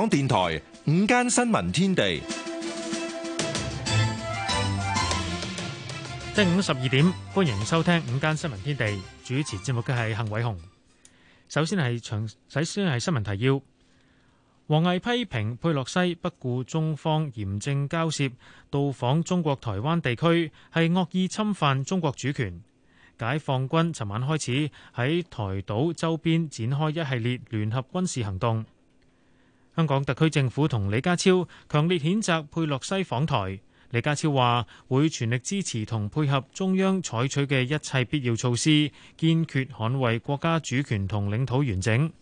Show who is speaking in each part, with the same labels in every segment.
Speaker 1: 香港電台午間新聞
Speaker 2: 天地，正午十二點，歡迎收聽午間新聞天地。主持節目嘅係幸偉雄。首先係長，首先係新聞提要。王毅批評佩洛西不顧中方嚴正交涉，到訪中國台灣地區係惡意侵犯中國主權。解放軍尋晚開始喺台島周邊展開一系列聯合軍事行動。香港特區政府同李家超強烈譴責佩洛西訪台。李家超話會全力支持同配合中央採取嘅一切必要措施，堅決捍衛國家主權同領土完整。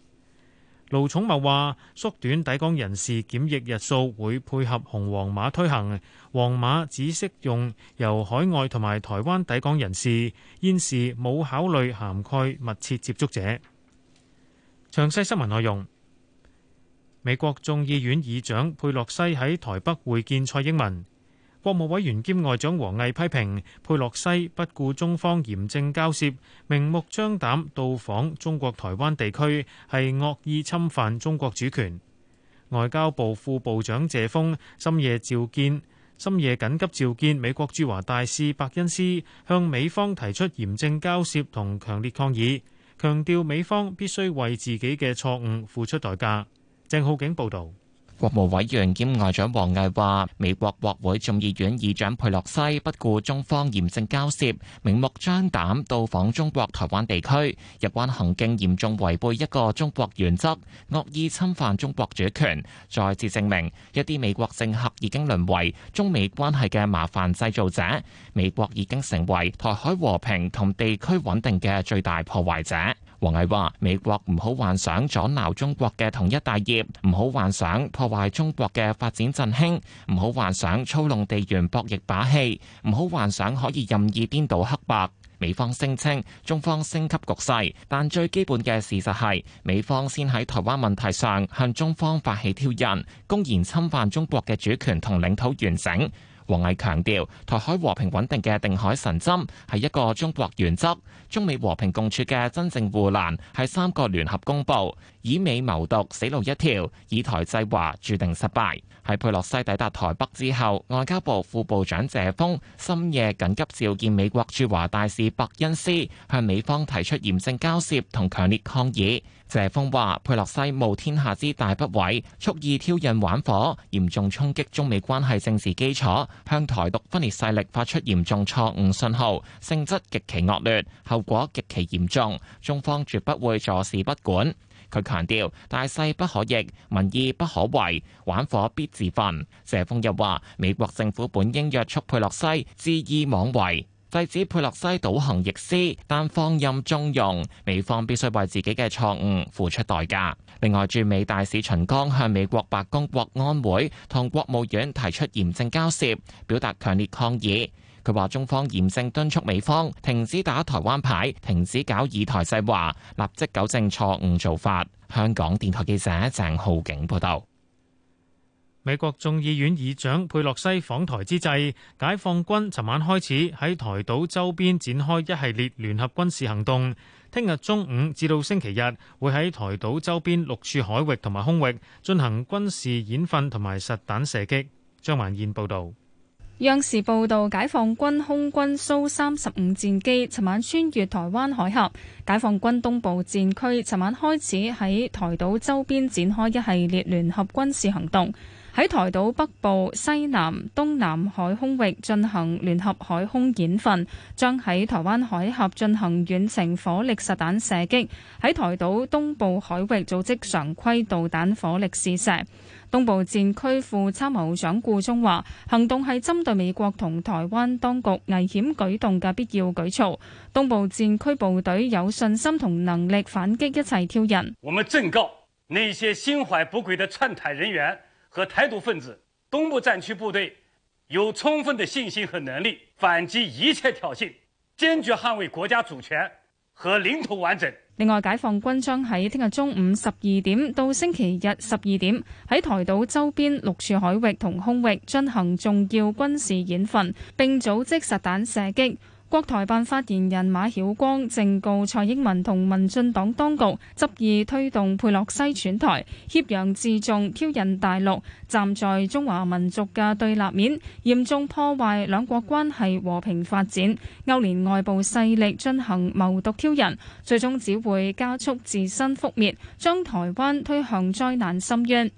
Speaker 2: 盧寵茂話縮短抵港人士檢疫日數會配合紅黃碼推行，黃碼只適用由海外同埋台灣抵港人士，現時冇考慮涵蓋密切接觸者。詳細新聞內容。美國眾議院議長佩洛西喺台北會見蔡英文，國務委員兼外長王毅批評佩洛西不顧中方嚴正交涉，明目張膽到訪中國台灣地區，係惡意侵犯中國主權。外交部副部長謝鋒深夜召見，深夜緊急召見美國駐華大使伯恩斯，向美方提出嚴正交涉同強烈抗議，強調美方必須為自己嘅錯誤付出代價。鄭浩景報道，
Speaker 3: 國務委員兼外長王毅話，美國國會眾議院議長佩洛西不顧中方嚴正交涉，明目張膽到訪中國台灣地區，有關行徑嚴重違背一個中國原則，惡意侵犯中國主權，再次證明一啲美國政客已經淪為中美關係嘅麻煩製造者，美國已經成為台海和平同地區穩定嘅最大破壞者。王毅話：美國唔好幻想阻撓中國嘅統一大業，唔好幻想破壞中國嘅發展振興，唔好幻想操弄地緣博弈把戲，唔好幻想可以任意顛倒黑白。美方聲稱中方升級局勢，但最基本嘅事實係美方先喺台灣問題上向中方發起挑釁，公然侵犯中國嘅主權同領土完整。王毅強調，台海和平穩定嘅定海神針係一個中國原則；中美和平共處嘅真正護欄，係三個聯合公佈。以美謀獨死路一條，以台制華注定失敗。喺佩洛西抵達台北之後，外交部副部長謝鋒深夜緊急召見美國駐華大使伯恩斯，向美方提出嚴正交涉同強烈抗議。謝鋒話：佩洛西冒天下之大不韙，蓄意挑釁玩火，嚴重衝擊中美關係政治基礎，向台獨分裂勢力發出嚴重錯誤信號，性質極其惡劣，後果極其嚴重，中方絕不會坐視不管。佢強調大勢不可逆，民意不可違，玩火必自焚。謝鋒又話：美國政府本應約束佩洛西，恣意妄為，制止佩洛西倒行逆施，但放任縱容，美方必須為自己嘅錯誤付出代價。另外，駐美大使秦剛向美國白宮國安會同國務院提出嚴正交涉，表達強烈抗議。佢話：中方嚴正敦促美方停止打台灣牌，停止搞以台制華，立即糾正錯誤做法。香港電台記者鄭浩景報道。
Speaker 2: 美國眾議院議長佩洛西訪台之際，解放軍尋晚開始喺台島周邊展開一系列聯合軍事行動。聽日中午至到星期日，會喺台島周邊六處海域同埋空域進行軍事演訓同埋實彈射擊。張曼燕報導。
Speaker 4: 央視報道，解放軍空軍蘇三十五戰機尋晚穿越台灣海峽。解放軍東部戰區尋晚開始喺台島周邊展開一系列聯合軍事行動。喺台島北部、西南、東南海空域進行聯合海空演訓，將喺台灣海峽進行遠程火力實彈射擊，喺台島東部海域組織常規導彈火力試射。東部戰區副參謀長顧中話：行動係針對美國同台灣當局危險舉動嘅必要舉措。東部戰區部隊有信心同能力反擊一切挑釁。
Speaker 2: 我們正告那些心懷不軌的竄台人員，和台獨分子，東部戰區部隊有充分的信心和能力反擊一切挑釁，堅決捍衛國家主權和領土完整。
Speaker 4: 另外，解放軍將喺聽日中午十二點到星期日十二點，喺台島周邊六處海域同空域進行重要軍事演訓，並組織實彈射擊。國台辦發言人馬曉光正告蔡英文同民進黨當局，執意推動佩洛西轉台，挾洋自重，挑釁大陸，站在中華民族嘅對立面，嚴重破壞兩國關係和平發展。勾連外部勢力進行謀獨挑釁，最終只會加速自身覆滅，將台灣推向災難深淵。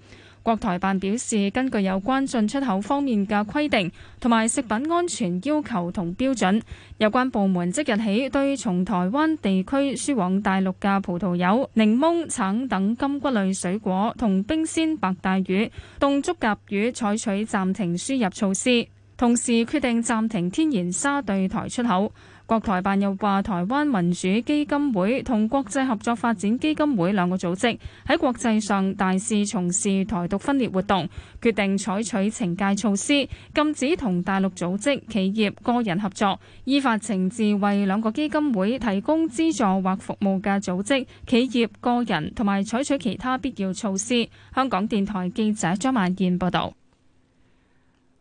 Speaker 4: 國台辦表示，根據有關進出口方面嘅規定同埋食品安全要求同標準，有關部門即日起對從台灣地區輸往大陸嘅葡萄柚、檸檬、橙等柑橘類水果同冰鮮白帶魚、凍竹筴魚採取暫停輸入措施，同時決定暫停天然砂對台出口。國台辦又話，台灣民主基金會同國際合作發展基金會兩個組織喺國際上大肆從事台獨分裂活動，決定採取懲戒措施，禁止同大陸組織、企業、個人合作，依法懲治為兩個基金會提供資助或服務嘅組織、企業、個人，同埋採取其他必要措施。香港電台記者張曼燕報道。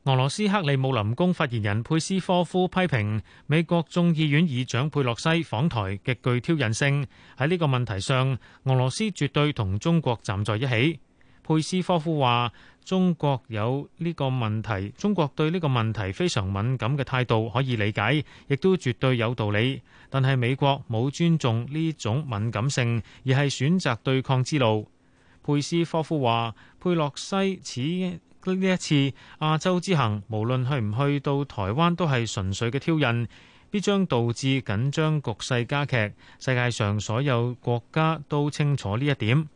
Speaker 2: 俄羅斯克里姆林宮發言人佩斯科夫批評美國眾議院議長佩洛西訪台極具挑釁性。喺呢個問題上，俄羅斯絕對同中國站在一起。佩斯科夫話：中國有呢個問題，中國對呢個問題非常敏感嘅態度可以理解，亦都絕對有道理。但係美國冇尊重呢種敏感性，而係選擇對抗之路。佩斯科夫話：佩洛西此呢一次亞洲之行，無論去唔去到台灣，都係純粹嘅挑釁，必將導致緊張局勢加劇。世界上所有國家都清楚呢一點。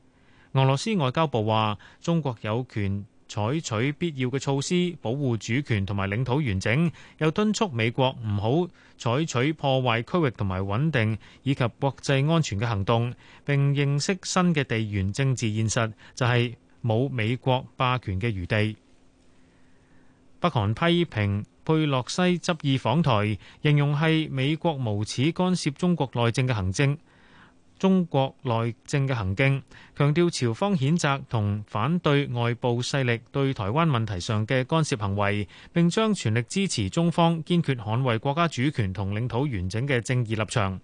Speaker 2: 俄羅斯外交部話：中國有權採取必要嘅措施保護主權同埋領土完整，又敦促美國唔好採取破壞區域同埋穩定以及國際安全嘅行動，並認識新嘅地緣政治現實。就係、是。冇美國霸權嘅餘地。北韓批評佩洛西執意訪台，形容係美國無恥干涉中國內政嘅行徑。中國內政嘅行徑，強調朝方譴責同反對外部勢力對台灣問題上嘅干涉行為，並將全力支持中方堅決捍衛國家主權同領土完整嘅正義立場。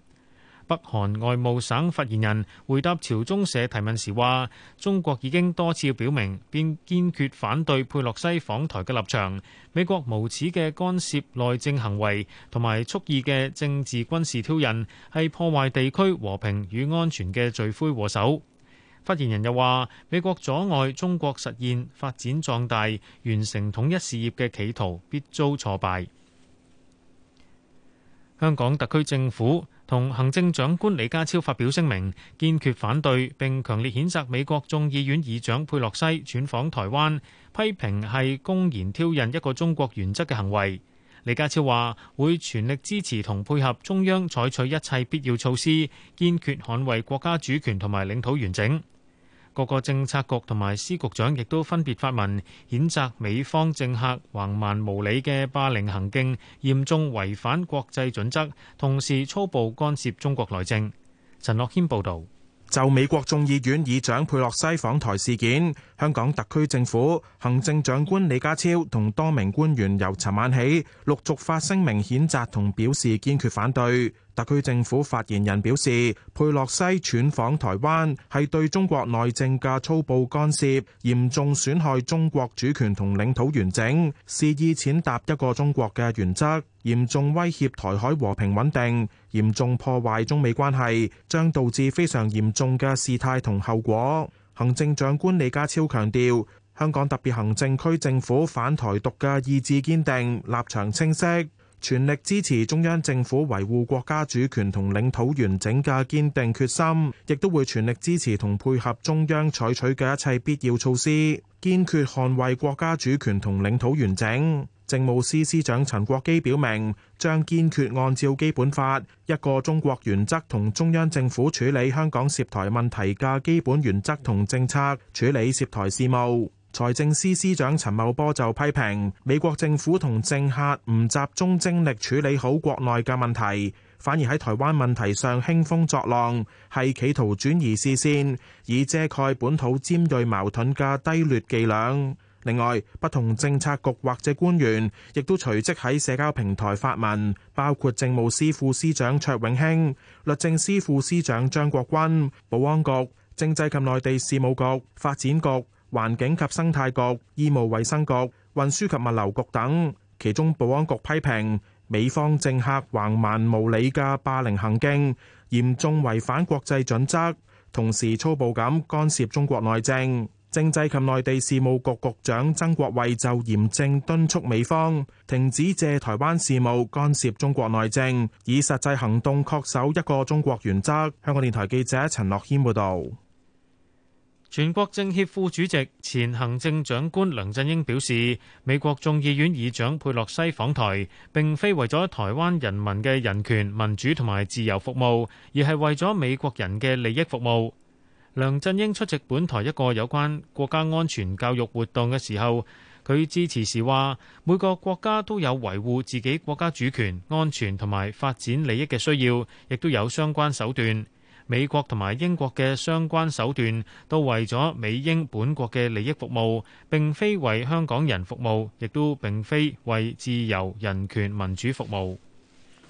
Speaker 2: 北韓外務省發言人回答朝中社提問時話，中國已經多次表明，並堅決反對佩洛西訪台嘅立場。美國無恥嘅干涉內政行為，同埋蓄意嘅政治軍事挑釁，係破壞地區和平與安全嘅罪魁禍首。發言人又話，美國阻礙中國實現發展壯大、完成統一事業嘅企圖，必遭挫敗。香港特區政府同行政長官李家超發表聲明，堅決反對並強烈譴責美國眾議院議長佩洛西竄訪台灣，批評係公然挑釁一個中國原則嘅行為。李家超話：會全力支持同配合中央採取一切必要措施，堅決捍衛國家主權同埋領土完整。各個政策局同埋司局長亦都分別發文譴責美方政客橫蠻無理嘅霸凌行徑，嚴重違反國際準則，
Speaker 5: 同時粗暴干涉中國內政。陳樂軒報導。就美國眾議院議長佩洛西訪台事件，香港特區政府行政長官李家超同多名官員由尋晚起陸續發聲明譴責同表示堅決反對。特區政府發言人表示，佩洛西竄訪台灣係對中國內政嘅粗暴干涉，嚴重損害中國主權同領土完整，肆意踐踏一個中國嘅原則，嚴重威脅台海和平穩定，嚴重破壞中美關係，將導致非常嚴重嘅事態同後果。行政長官李家超強調，香港特別行政區政府反台獨嘅意志堅定，立場清晰。全力支持中央政府維護國家主權同領土完整嘅堅定決心，亦都會全力支持同配合中央採取嘅一切必要措施，堅決捍衛國家主權同領土完整。政務司司長陳國基表明，將堅決按照基本法、一個中國原則同中央政府處理香港涉台問題嘅基本原則同政策處理涉台事務。財政司司長陳茂波就批評美國政府同政客唔集中精力處理好國內嘅問題，反而喺台灣問題上興風作浪，係企圖轉移視線，以遮蓋本土尖鋭矛盾嘅低劣伎倆。另外，不同政策局或者官員亦都隨即喺社交平台發文，包括政務司副司長卓永興、律政司副司長張國鈞、保安局、政制及內地事務局、發展局。環境及生態局、醫務衛生局、運輸及物流局等，其中保安局批評美方政客橫蠻無理嘅霸凌行徑，嚴重違反國際準則，同時粗暴咁干涉中國內政。政制及內地事務局局長曾國衛就嚴正敦促美方停止借台灣事務干涉中國內政，以實際行動確守一個中國原則。香港電台記者陳樂謙報道。
Speaker 2: 全國政協副主席、前行政長官梁振英表示，美國眾議院議長佩洛西訪台並非為咗台灣人民嘅人權、民主同埋自由服務，而係為咗美國人嘅利益服務。梁振英出席本台一個有關國家安全教育活動嘅時候，佢支持時話：每個國家都有維護自己國家主權、安全同埋發展利益嘅需要，亦都有相關手段。美國同埋英國嘅相關手段，都為咗美英本國嘅利益服務，並非為香港人服務，亦都並非為自由、人權、民主服務。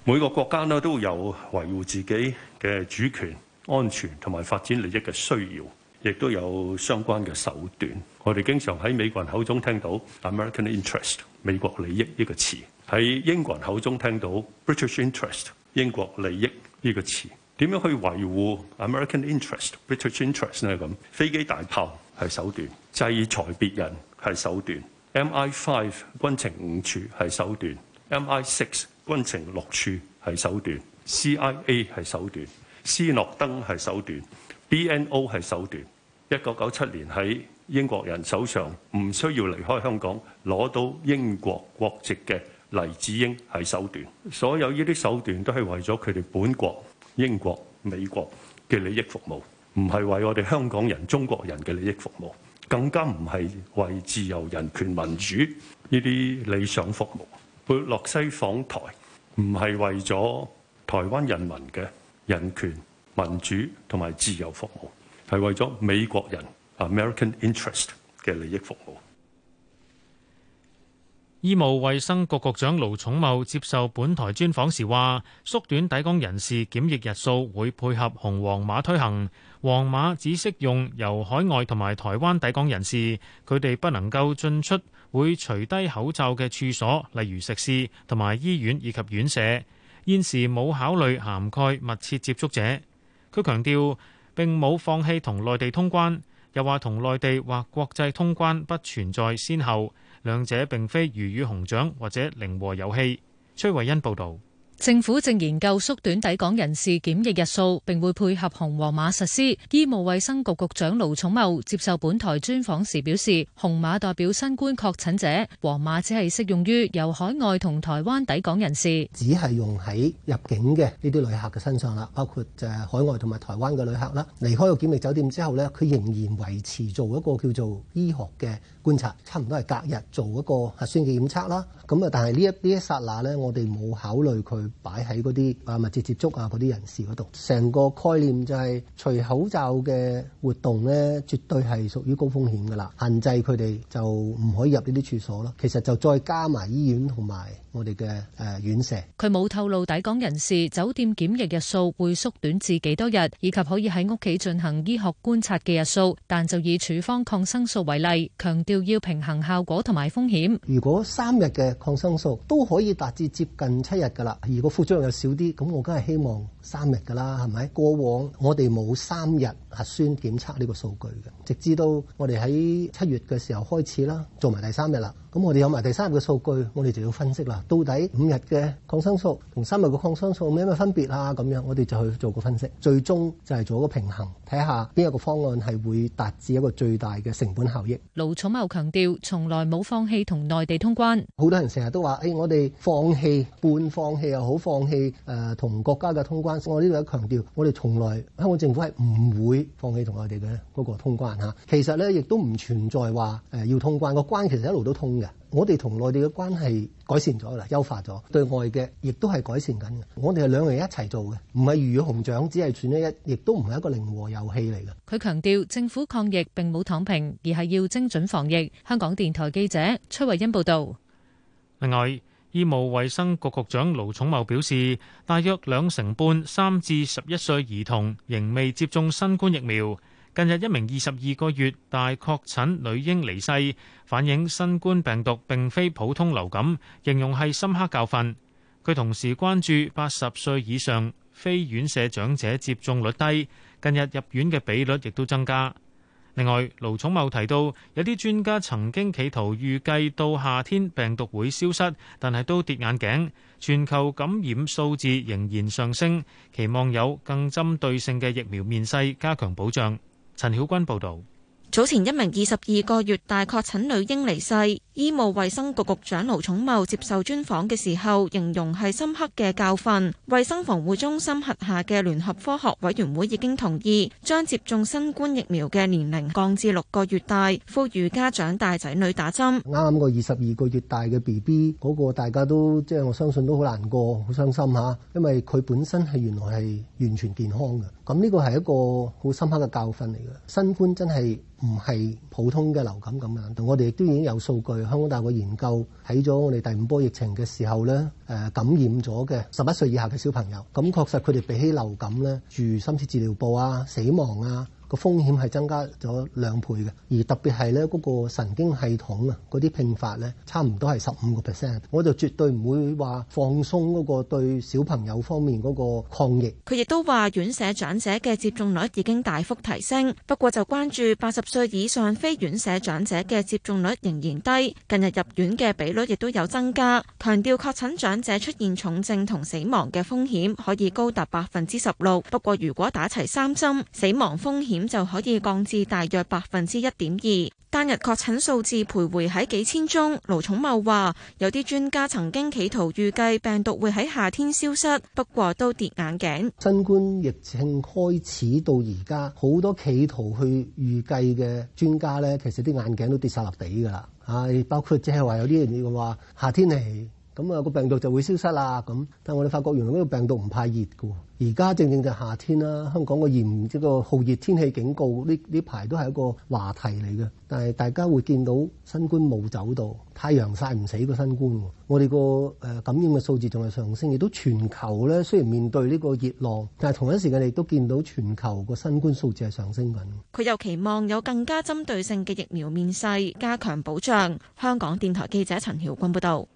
Speaker 6: 每個國家呢都有維護自己嘅主權、安全同埋發展利益嘅需要，亦都有相關嘅手段。我哋經常喺美國人口中聽到 American interest 美國利益呢個詞，喺英國人口中聽到 British interest 英國利益呢個詞。點樣去維護 American interest、British interest 呢？咁飛機大炮係手段，制裁別人係手段，MI Five 軍情五處係手段，MI Six 軍情六處係手段，CIA 係手段，斯諾登係手段，BNO 係手段。一九九七年喺英國人手上，唔需要離開香港攞到英國國籍嘅黎智英係手段。所有呢啲手段都係為咗佢哋本國。英國、美國嘅利益服務，唔係為我哋香港人、中國人嘅利益服務，更加唔係為自由、人權、民主呢啲理想服務。佩洛西訪台，唔係為咗台灣人民嘅人權、民主同埋自由服務，係為咗美國人 American Interest 嘅利益服務。
Speaker 2: 醫務衛生局局長盧寵茂接受本台專訪時話：縮短抵港人士檢疫日數會配合紅黃碼推行，黃碼只適用由海外同埋台灣抵港人士，佢哋不能夠進出會除低口罩嘅處所，例如食肆同埋醫院以及院舍。現時冇考慮涵蓋密切接觸者。佢強調，並冇放棄同內地通關，又話同內地或國際通關不存在先後。兩者並非魚與熊掌或者零和遊戲。崔慧欣報導。
Speaker 7: 政府正研究縮短抵港人士檢疫日數，並會配合紅黃碼實施。醫務衛生局局長盧寵茂接受本台專訪時表示，紅碼代表新冠確診者，黃碼只係適用於由海外同台灣抵港人士，
Speaker 8: 只係用喺入境嘅呢啲旅客嘅身上啦，包括就係海外同埋台灣嘅旅客啦。離開個檢疫酒店之後咧，佢仍然維持做一個叫做醫學嘅觀察，差唔多係隔日做一個核酸嘅檢測啦。咁啊，但係呢一呢一剎那咧，我哋冇考慮佢。擺喺嗰啲啊密接接觸啊嗰啲人士嗰度，成個概念就係、是、除口罩嘅活動咧，絕對係屬於高風險㗎啦。限制佢哋就唔可以入呢啲處所咯。其實就再加埋醫院同埋我哋嘅誒院舍，
Speaker 7: 佢冇透露抵港人士酒店檢疫日數會縮短至幾多日，以及可以喺屋企進行醫學觀察嘅日數，但就以處方抗生素為例，強調要平衡效果同埋風險，
Speaker 8: 如果三日嘅抗生素都可以達至接近七日噶啦，如果副作用又少啲，咁我梗係希望三日噶啦，係咪？過往我哋冇三日核酸檢測呢個數據嘅，直至到我哋喺七月嘅時候開始啦，做埋第三日啦。咁我哋有埋第三日嘅數據，我哋就要分析啦。到底五日嘅抗生素同三日嘅抗生素有咩分別啦？咁樣我哋就去做個分析，最終就係做一個平衡，睇下邊一個方案係會達至一個最大嘅成本效益。
Speaker 7: 盧寵茂強調，從來冇放棄同內地通關。
Speaker 8: 好多人成日都話：，誒、欸，我哋放棄、半放棄又好放棄，誒、呃，同國家嘅通關。我呢度都強調，我哋從來香港政府係唔會放棄同我哋嘅嗰個通關嚇。其實咧，亦都唔存在話誒要通關個關，其實,、呃、其實一路都通。我哋同內地嘅關係改善咗啦，優化咗對外嘅，亦都係改善緊嘅。我哋係兩人一齊做嘅，唔係魚與熊掌，只係選一，亦都唔係一個零和遊戲嚟嘅。
Speaker 7: 佢強調，政府抗疫並冇躺平，而係要精準防疫。香港電台記者崔慧欣報道。
Speaker 2: 另外，醫務衛生局局長盧寵茂表示，大約兩成半三至十一歲兒童仍未接種新冠疫苗。近日一名二十二個月大確診女嬰離世，反映新冠病毒並非普通流感，形容係深刻教訓。佢同時關注八十歲以上非院舍長者接種率低，近日入院嘅比率亦都增加。另外，盧寵茂提到有啲專家曾經企圖預計到夏天病毒會消失，但係都跌眼鏡。全球感染數字仍然上升，期望有更針對性嘅疫苗面世，加強保障。陳曉君報道。
Speaker 9: 早前一名二十二個月大確診女嬰離世，醫務衛生局局長盧寵茂接受專訪嘅時候形容係深刻嘅教訓。衛生防護中心轄下嘅聯合科學委員會已經同意將接種新冠疫苗嘅年齡降至六個月大，呼籲家長帶仔女打針。
Speaker 8: 啱啱個二十二個月大嘅 B B 嗰個大家都即係我相信都好難過，好傷心嚇，因為佢本身係原來係完全健康嘅。咁呢個係一個好深刻嘅教訓嚟嘅，新冠真係～唔係普通嘅流感咁樣，但我哋亦都已經有數據。香港大學研究睇咗我哋第五波疫情嘅時候咧，誒感染咗嘅十一歲以下嘅小朋友，咁確實佢哋比起流感咧，住深切治療部啊、死亡啊。個風險係增加咗兩倍嘅，而特別係咧嗰個神經系統啊，嗰啲併發呢，差唔多係十五個 percent，我就絕對唔會話放鬆嗰個對小朋友方面嗰個抗疫。
Speaker 9: 佢亦都話，院舍長者嘅接種率已經大幅提升，不過就關注八十歲以上非院舍長者嘅接種率仍然低，近日入院嘅比率亦都有增加。強調確診長者出現重症同死亡嘅風險可以高達百分之十六，不過如果打齊三針，死亡風險，咁就可以降至大約百分之一點二，單日確診數字徘徊喺幾千宗。盧寵茂話，有啲專家曾經企圖預計病毒會喺夏天消失，不過都跌眼鏡。
Speaker 8: 新冠疫情開始到而家，好多企圖去預計嘅專家咧，其實啲眼鏡都跌晒落地噶啦。啊，包括即係話有啲人要話夏天嚟，咁啊，個病毒就會消失啦。咁，但係我哋發覺原來呢個病毒唔怕熱嘅。而家正正就夏天啦，香港個炎，呢、這個酷熱天氣警告，呢呢排都係一個話題嚟嘅。但係大家會見到新冠冇走到，太陽曬唔死個新冠。我哋個誒感染嘅數字仲係上升，亦都全球咧。雖然面對呢個熱浪，但係同一時間你都見到全球個新冠數字係上升緊。
Speaker 9: 佢又期望有更加針對性嘅疫苗面世，加強保障。香港電台記者陳曉君報導。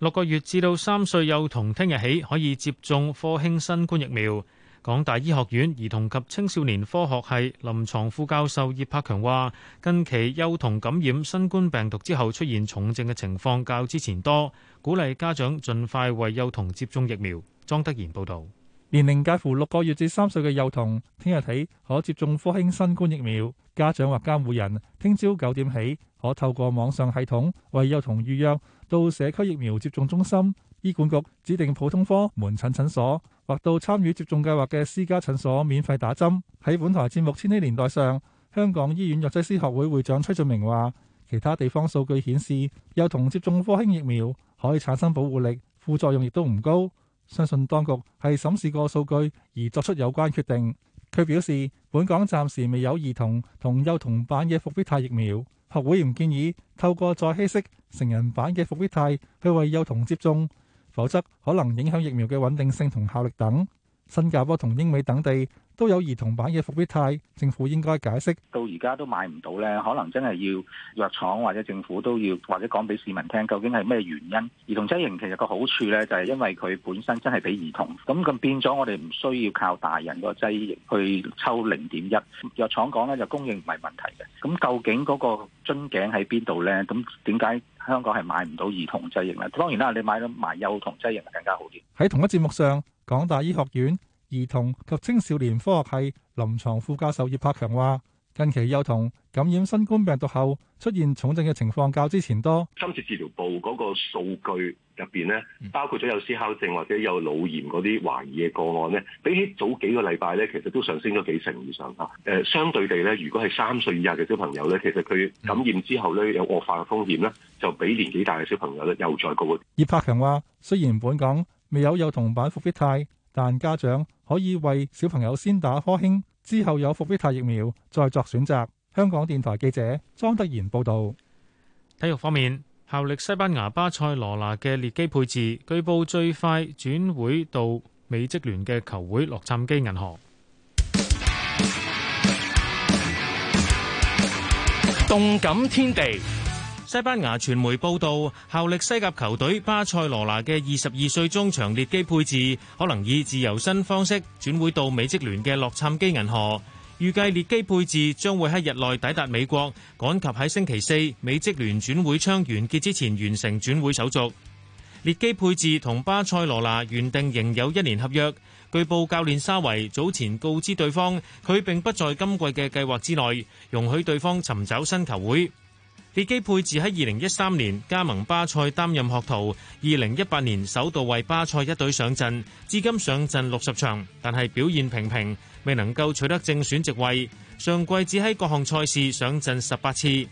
Speaker 2: 六個月至到三歲幼童聽日起可以接種科興新冠疫苗。港大醫學院兒童及青少年科學系臨床副教授葉柏強話，近期幼童感染新冠病毒之後出現重症嘅情況較之前多，鼓勵家長盡快為幼童接種疫苗。莊德賢報導。年齡介乎六個月至三歲嘅幼童，聽日起可接種科興新冠疫苗。
Speaker 1: 家長或監護人聽朝九點起可透過網上系統為幼童預約到社區疫苗接種中心、醫管局指定普通科門診診所或到參與接種計劃嘅私家診所免費打針。喺本台節目《千禧年代》上，香港醫院藥劑師學會會長崔俊明話，其他地方數據顯示，幼童接種科興疫苗可以產生保護力，副作用亦都唔高。相信當局係審視過數據而作出有關決定。佢表示，本港暫時未有兒童同幼童版嘅復必泰疫苗。學會唔建議透過再稀釋成人版嘅復必泰去為幼童接種，否則可能影響疫苗嘅穩定性同效力等。新加坡同英美等地，都有兒童版嘅復必泰，政府應該解釋
Speaker 2: 到而家都買唔到咧，可能真係要藥廠或者政府都要或者講俾市民聽，究竟係咩原因？兒童劑型其實個好處咧，就係因為佢本身真係俾兒童，咁咁變咗我哋唔需要靠大人個劑型去抽零點一。藥廠講咧就供應唔係問題嘅，咁究竟嗰個樽頸喺邊度咧？咁點解香港係買唔到兒童劑型咧？當然啦，你買到埋幼童劑型更加好啲。
Speaker 1: 喺同一節目上，港大醫學院。兒童及青少年科學系臨床副教授葉柏強話，近期幼童感染新冠病毒後出現重症嘅情況較之前多。
Speaker 10: 今次治療部嗰個數據入邊咧，包括咗有思考症或者有腦炎嗰啲懷疑嘅個案咧，比起早幾個禮拜咧，其實都上升咗幾成以上啊。誒，相對地咧，如果係三歲以下嘅小朋友咧，其實佢感染之後咧有惡化嘅風險咧，就比年紀大嘅小朋友咧又再高。
Speaker 1: 葉柏強話，雖然本港未有幼童版復必泰。但家長可以為小朋友先打科興，之後有復必泰疫苗再作選擇。香港電台記者莊德賢報導。
Speaker 2: 體育方面，效力西班牙巴塞羅那嘅列基佩治據報最快轉會到美職聯嘅球會洛杉磯銀河。動感天地。西班牙傳媒報道，效力西甲球隊巴塞羅那嘅二十二歲中場列基佩治可能以自由身方式轉會到美職聯嘅洛杉磯銀河。預計列基佩治將會喺日內抵達美國，趕及喺星期四美職聯轉會窗完結之前完成轉會手續。列基佩治同巴塞羅那原定仍有一年合約，據報教練沙維早前告知對方，佢並不在今季嘅計劃之內，容許對方尋找新球會。列基佩自喺二零一三年加盟巴塞擔任學徒，二零一八年首度為巴塞一隊上陣，至今上陣六十場，但係表現平平，未能夠取得正選席位。上季只喺各項賽事上陣十八次。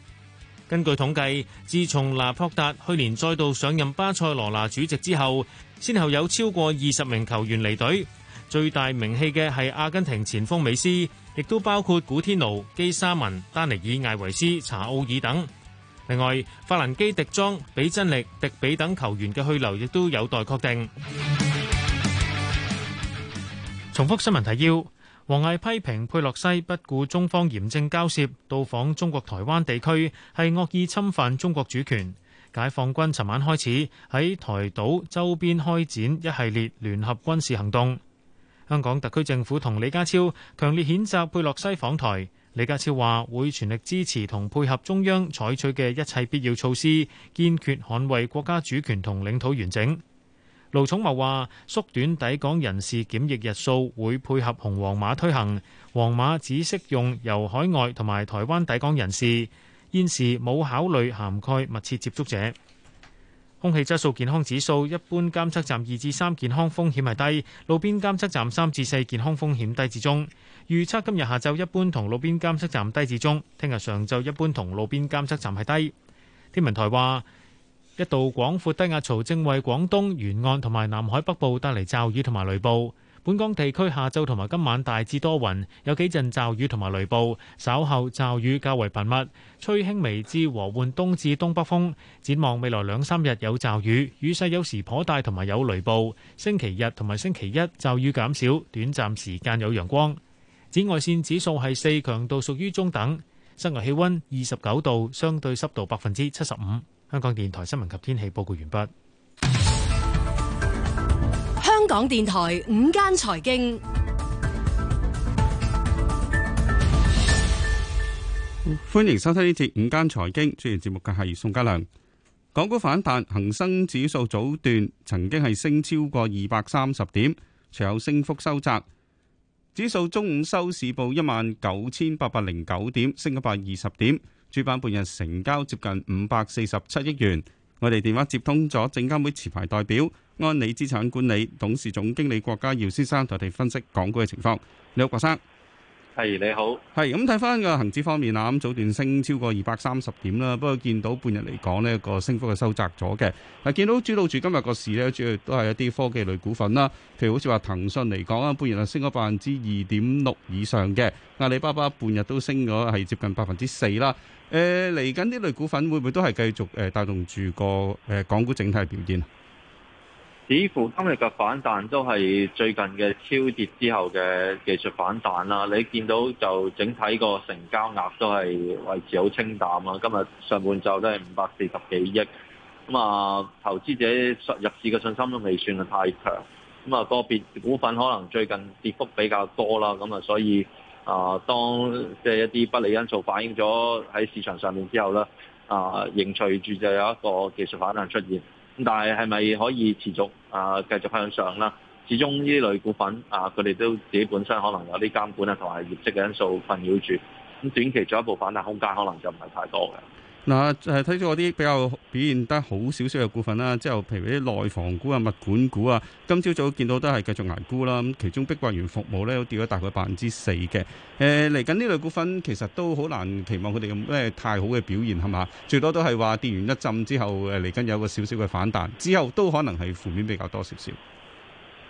Speaker 2: 根據統計，自從拿破達去年再度上任巴塞羅那主席之後，先後有超過二十名球員離隊，最大名氣嘅係阿根廷前鋒美斯，亦都包括古天奴、基沙文、丹尼爾艾維斯、查奧爾等。另外，法蘭基迪莊、比真力、迪比等球員嘅去留亦都有待確定。重複新聞提要：王毅批評佩洛西不顧中方嚴正交涉，到訪中國台灣地區係惡意侵犯中國主權。解放軍尋晚開始喺台島周邊開展一系列聯合軍事行動。香港特區政府同李家超強烈譴責佩洛西訪台。李家超話會全力支持同配合中央採取嘅一切必要措施，堅決捍衛國家主權同領土完整。盧寵茂話縮短抵港人士檢疫日數，會配合紅黃碼推行。黃碼只適用由海外同埋台灣抵港人士，現時冇考慮涵蓋密切接觸者。空氣質素健康指數，一般監測站二至三，健康風險係低，路邊監測站三至四，健康風險低至中。預測今日下晝一般同路邊監測站低至中，聽日上晝一般同路邊監測站係低。天文台話，一道廣闊低壓槽正為廣東沿岸同埋南海北部帶嚟驟雨同埋雷暴。本港地區下晝同埋今晚大致多雲，有幾陣驟雨同埋雷暴，稍後驟雨較為頻密，吹輕微至和緩東至東北風。展望未來兩三日有驟雨，雨勢有時頗大同埋有雷暴。星期日同埋星期一驟雨減少，短暫時間有陽光。紫外線指數係四，強度屬於中等。室外氣温二十九度，相對濕度百分之七十五。香港電台新聞及天氣報告完畢。
Speaker 7: 港電台午間
Speaker 11: 財經，
Speaker 12: 歡迎收聽呢節午間財經。主持節目嘅係宋家良。港股反彈，恒生指數早段曾經係升超過二百三十點，隨後升幅收窄。指數中午收市報一萬九千八百零九點，升一百二十點。主板半日成交接近五百四十七億元。我哋電話接通咗證監會持牌代表，安理資產管理董事總經理郭家耀先生同我哋分析港股嘅情況。你好，郭生。
Speaker 10: 係你好。
Speaker 12: 係咁睇翻個恒指方面啊，咁早段升超過二百三十點啦，不過見到半日嚟講呢個升幅係收窄咗嘅。啊，見到主導住今日個市呢，主要都係一啲科技類股份啦，譬如，好似話騰訊嚟講啊，半日係升咗百分之二點六以上嘅，阿里巴巴半日都升咗係接近百分之四啦。誒，嚟緊呢類股份會唔會都係繼續誒帶動住個誒港股整體嘅表現？
Speaker 10: 似乎今日嘅反彈都係最近嘅超跌之後嘅技術反彈啦、啊。你見到就整體個成交額都係維持好清淡啊。今日上半晝都係五百四十幾億。咁、嗯、啊，投資者入市嘅信心都未算係太強。咁、嗯、啊，個別股份可能最近跌幅比較多啦。咁、嗯、啊，所以啊、呃，當即係一啲不利因素反映咗喺市場上面之後咧，啊，仍隨住就有一個技術反彈出現。但係係咪可以持續啊繼續向上啦？始終呢類股份啊，佢哋都自己本身可能有啲監管啊，同埋業績嘅因素困擾住。咁短期進一步反彈空間可能就唔係太多嘅。
Speaker 12: 嗱，誒睇咗啲比較表現得好少少嘅股份啦，之後譬如啲內房股啊、物管股啊，今朝早見到都係繼續捱沽啦。咁其中碧桂園服務咧，都跌咗大概百分之四嘅。誒嚟緊呢類股份其實都好難期望佢哋咁咩太好嘅表現係嘛？最多都係話跌完一陣之後，誒嚟緊有個少少嘅反彈，之後都可能係負面比較多少少。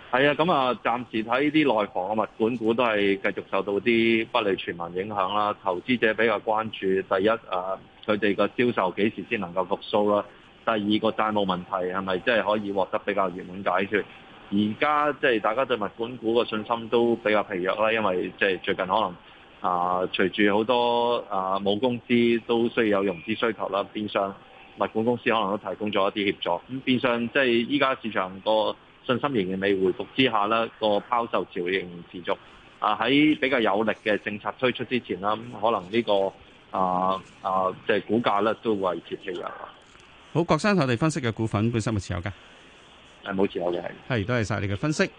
Speaker 10: 係啊，咁啊，暫時睇啲內房嘅物管股都係繼續受到啲不利傳聞影響啦。投資者比較關注第一啊。佢哋個銷售幾時先能夠復甦啦？第二個債務問題係咪即係可以獲得比較圓滿解決？而家即係大家對物管股個信心都比較疲弱啦，因為即係最近可能啊，隨住好多啊母公司都需要有融資需求啦，變相物管公司可能都提供咗一啲協助。咁變相即係依家市場個信心仍然未回復之下呢個拋售潮仍然持續。啊，喺比較有力嘅政策推出之前啦，咁可能呢個。啊啊！即係股價咧都維接力啊。
Speaker 12: 好，國生投遞分析嘅股份本身持有，有持有噶？係冇持有嘅，係。係多謝晒你嘅分析。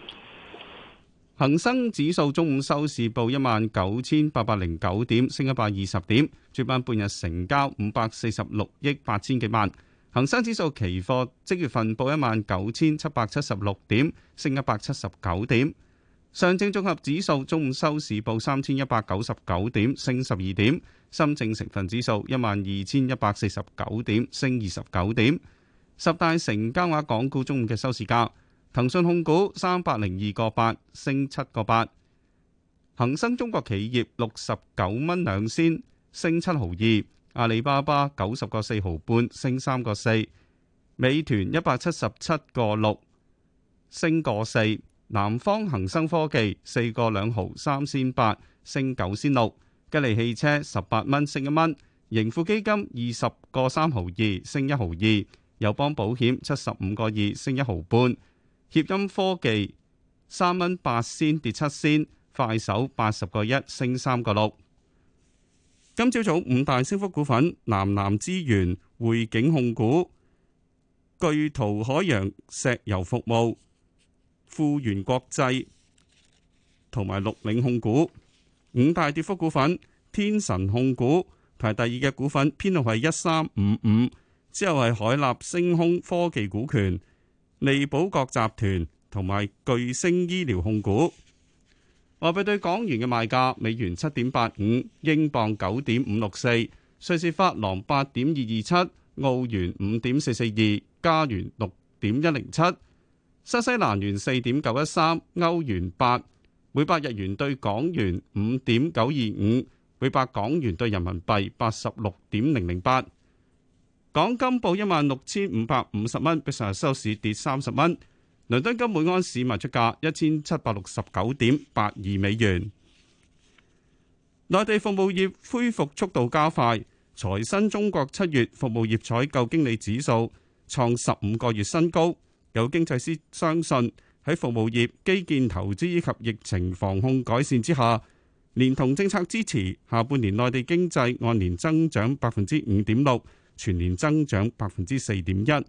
Speaker 12: 恒生指數中午收市報一萬九千八百零九點，升一百二十點。主板半日成交五百四十六億八千幾萬。恒生指數期貨即月份報一萬九千七百七十六點，升一百七十九點。上證綜合指數中午收市報三千一百九十九點，升十二點；深證成分指數一萬二千一百四十九點，升二十九點。十大成交額港股中午嘅收市價：騰訊控股三百零二個八，升七個八；恒生中國企業六十九蚊兩仙，升七毫二；阿里巴巴九十個四毫半，升三個四；美團一百七十七個六，升個四。南方恒生科技四個兩毫三仙八，升九仙六；吉利汽車十八蚊，升一蚊；盈富基金二十個三毫二，升一毫二；友邦保險七十五個二，升一毫半；協鑫科技三蚊八仙，跌七仙；快手八十個一，升三個六。今朝早，早五大升幅股份：南南資源、匯景控股、巨濤海洋石油服務。富源國際同埋綠嶺控股。五大跌幅股份，天神控股排第二嘅股份編號係一三五五，之後係海納星空科技股權、利寶閣集團同埋巨星醫療控股。外幣對港元嘅賣價，美元七點八五，英鎊九點五六四，瑞士法郎八點二二七，澳元五點四四二，加元六點一零七。新西蘭元四點九一三，歐元八，每百日元兌港元五點九二五，每百港元兌人民幣八十六點零零八。港金報一萬六千五百五十蚊，比上日收市跌三十蚊。倫敦金每安士賣出價，一千七百六十九點八二美元。內地服務業恢復速度加快，財新中國七月服務業採購經理指數創十五個月新高。有經濟師相信，喺服務業、基建投資以及疫情防控改善之下，連同政策支持，下半年內地經濟按年增長百分之五點六，全年增長百分之四點一。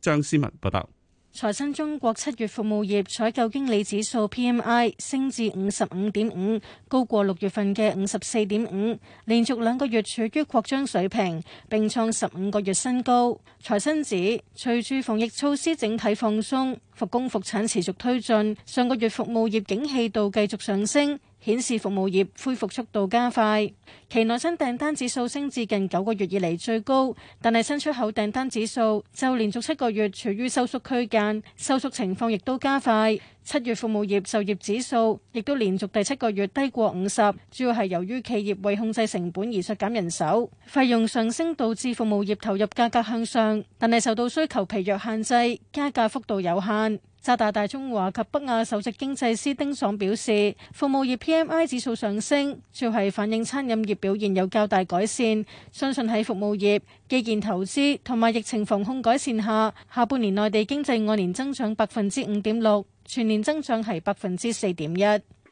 Speaker 12: 張思文報道。
Speaker 11: 財新中國七月服務業採購經理指數 PMI 升至五十五點五，高過六月份嘅五十四點五，連續兩個月處於擴張水平，並創十五個月新高。財新指，隨住防疫措施整體放鬆、復工復產持續推進，上個月服務業景氣度繼續上升。顯示服務業恢復速度加快，其內新訂單指數升至近九個月以嚟最高，但係新出口訂單指數就連續七個月處於收縮區間，收縮情況亦都加快。七月服務業就業指數亦都連續第七個月低過五十，主要係由於企業為控制成本而削減人手，費用上升導致服務業投入價格向上，但係受到需求疲弱限制，加價幅度有限。渣打大中華及北亞首席經濟師丁爽表示，服務業 PMI 指數上升，主要係反映餐飲業表現有較大改善。相信喺服務業基建投資同埋疫情防控改善下，下半年內地經濟按年增長百分之五點六。全年增長係百分之四點一。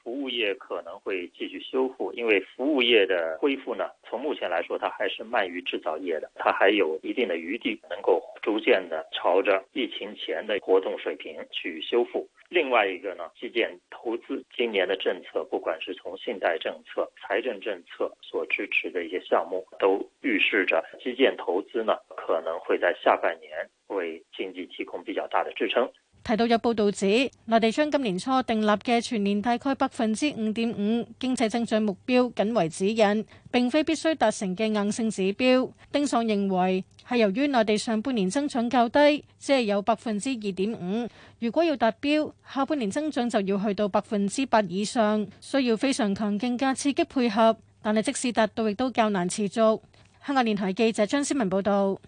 Speaker 2: 服務業可能會繼續修復。因為服務業的恢復呢，從目前來說，它還是慢於製造業的，它還有一定的餘地，能夠逐漸的朝着疫情前的活動水平去修復。另外一個呢，基建投資今年的政策，不管是從信貸政策、財政政策所支持的一些
Speaker 10: 項目，都
Speaker 6: 預示着
Speaker 10: 基建投資呢可能會在下半年為
Speaker 8: 經濟提供比較大的支撐。
Speaker 11: 提到有報道指，內地將今年初訂立嘅全年大概百分之五點五經濟增長目標僅為指引，並非必須達成嘅硬性指標。丁爽認為係由於內地上半年增長較低，只係有百分之二點五，如果要達標，下半年增長就要去到百分之八以上，需要非常強勁嘅刺激配合。但係即使達到，亦都較難持續。香港電台記者張思文報道。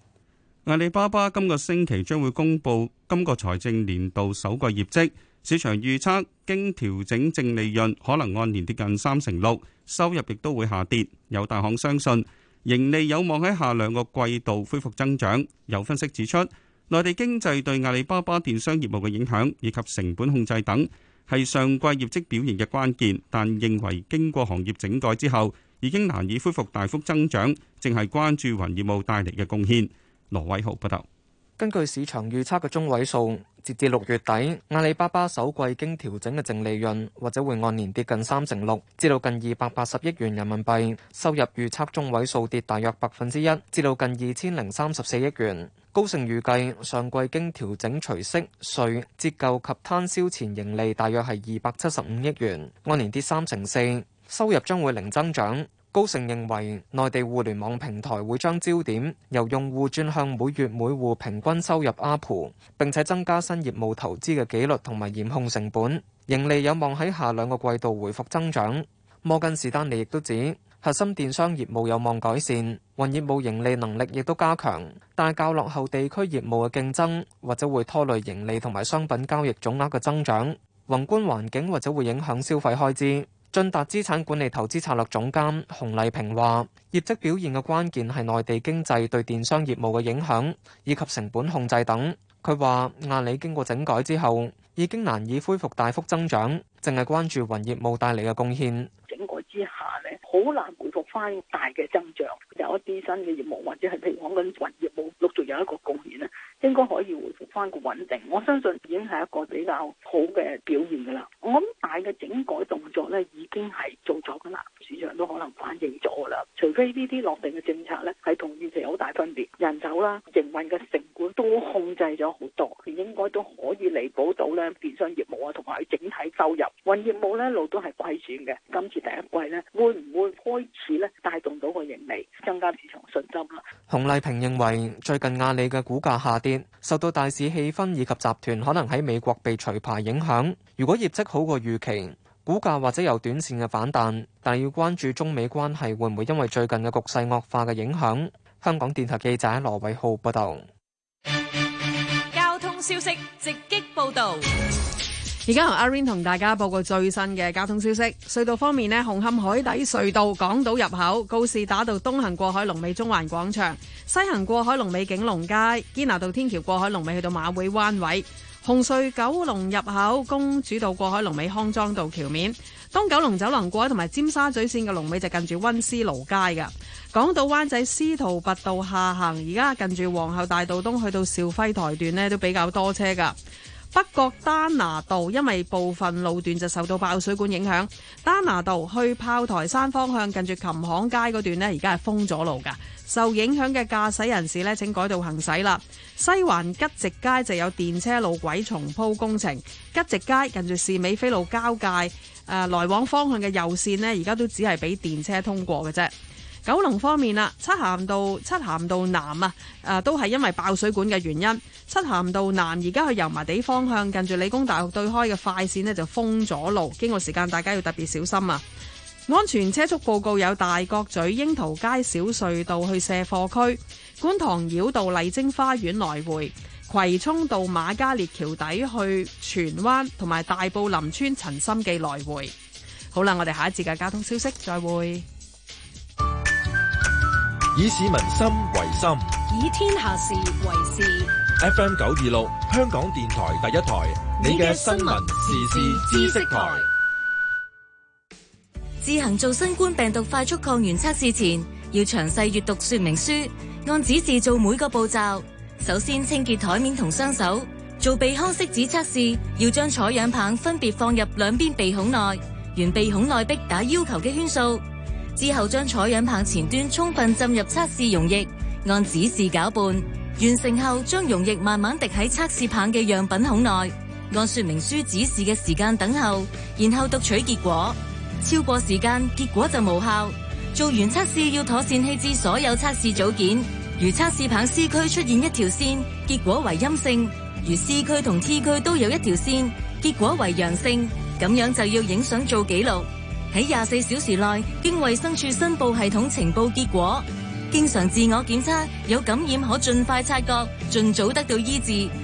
Speaker 12: 阿里巴巴今個星期將會公布今個財政年度首季業績，市場預測經調整淨利潤可能按年跌近三成六，收入亦都會下跌。有大行相信盈利有望喺下兩個季度恢復增長。有分析指出，內地經濟對阿里巴巴電商業務嘅影響以及成本控制等係上季業績表現嘅關鍵，但認為經過行業整改之後已經難以恢復大幅增長，淨係關注雲業務帶嚟嘅貢獻。羅偉豪報道，
Speaker 13: 根據市場預測嘅中位數，截至六月底，阿里巴巴首季經調整嘅淨利潤或者會按年跌近三成六，至到近二百八十億元人民幣。收入預測中位數跌大約百分之一，至到近二千零三十四億元。高盛預計上季經調整除息、稅、折舊及攤銷前盈利大約係二百七十五億元，按年跌三成四，收入將會零增長。高盛認為，內地互聯網平台會將焦點由用戶轉向每月每戶平均收入 ARPU，並且增加新業務投資嘅紀律同埋嚴控成本，盈利有望喺下兩個季度回復增長。摩根士丹利亦都指，核心電商業務有望改善，運業務盈利能力亦都加強，但較落後地區業務嘅競爭或者會拖累盈利同埋商品交易總額嘅增長，宏觀環境或者會影響消費開支。俊達資產管理投資策略總監洪麗萍話：業績表現嘅關鍵係內地經濟對電商業務嘅影響以及成本控制等。佢話阿里經過整改之後，已經難以恢復大幅增長，淨係關注雲業務帶嚟嘅貢獻。
Speaker 7: 整改之下咧，好難回復翻大嘅增長。有一啲新嘅業務或者係譬如講緊雲業務陸續有一個貢獻咧，應該可以回復翻個穩定。我相信已經係一個比較好嘅表現噶啦。我諗大嘅整改仲。已經係做咗噶啦，市場都可能反應咗噶啦。除非呢啲落定嘅政策咧，係同預期好大分別。人手啦，營運嘅成本都控制咗好多，佢應該都可以彌補到咧電商業務啊，同埋佢整體收入運業務咧，一路都係虧損嘅。今次第一季咧，會唔會開始咧帶動到個盈利，增加市場
Speaker 13: 信心啊？洪麗萍認為，最近阿里嘅股價下跌，受到大市氣氛以及集團可能喺美國被除牌影響。如果業績好過預期。股價或者有短線嘅反彈，但要關注中美關係會唔會因為最近嘅局勢惡化嘅影響。香港電台記者羅偉浩報道。
Speaker 7: 交通消息直擊報道，
Speaker 14: 而家同阿 rain 同大家報告最新嘅交通消息。隧道方面呢，紅磡海底隧道港島入口、告士打道東行過海、龍尾中環廣場；西行過海龍尾景隆街、堅拿道天橋過海龍尾去到馬會灣位。紅隧九龍入口，公主道過海，龍尾康莊道橋面；東九龍走廊過海同埋尖沙咀線嘅龍尾就近住溫思勞街㗎。港島灣仔司徒拔道下行，而家近住皇后大道東去到肇輝臺段呢，都比較多車噶。北角丹拿道因為部分路段就受到爆水管影響，丹拿道去炮台山方向近住琴行街嗰段呢，而家係封咗路噶。受影響嘅駕駛人士呢，請改道行駛啦。西環吉直街就有電車路軌重鋪工程，吉直街近住士美菲路交界誒、呃、來往方向嘅右線呢，而家都只係俾電車通過嘅啫。九龍方面啦，漆咸道、漆咸道南啊，誒，都係因為爆水管嘅原因。漆咸道南而家去油麻地方向，近住理工大學對開嘅快線咧就封咗路，經過時間大家要特別小心啊！安全車速報告有大角咀櫻桃街小隧道去卸貨區、觀塘繞道麗晶花園來回、葵涌道瑪嘉烈橋底去荃灣同埋大埔林村陳心記來回。好啦，我哋下一節嘅交通消息，再會。
Speaker 1: 以市民心為心，
Speaker 14: 以天
Speaker 7: 下事為事。
Speaker 1: FM 九二
Speaker 10: 六，香港電台第一台，
Speaker 7: 你嘅新聞、時事治、知識台。
Speaker 9: 自行做新冠病毒快速抗原測試前，要詳細閱讀說明書，按指示做每個步驟。首先清潔台面同雙手。做鼻腔拭子測試，要將採樣棒分別放入兩邊鼻孔內，沿鼻孔內壁打要求嘅圈數。之後將採樣棒前端充分浸入測試溶液，按指示攪拌，完成後將溶液慢慢滴喺測試棒嘅樣品孔內，按說明書指示嘅時間等候，然後讀取結果。超過時間，結果就無效。做完測試要妥善棄置所有測試組件。如測試棒 C 區出現一條線，結果為陰性；如 C 區同 T 區都有一條線，結果為陽性。咁樣就要影相做記錄。喺廿四小時內經衛生署申報系統呈報結果，經常自我檢測有感染可盡快察覺，儘早得到醫治。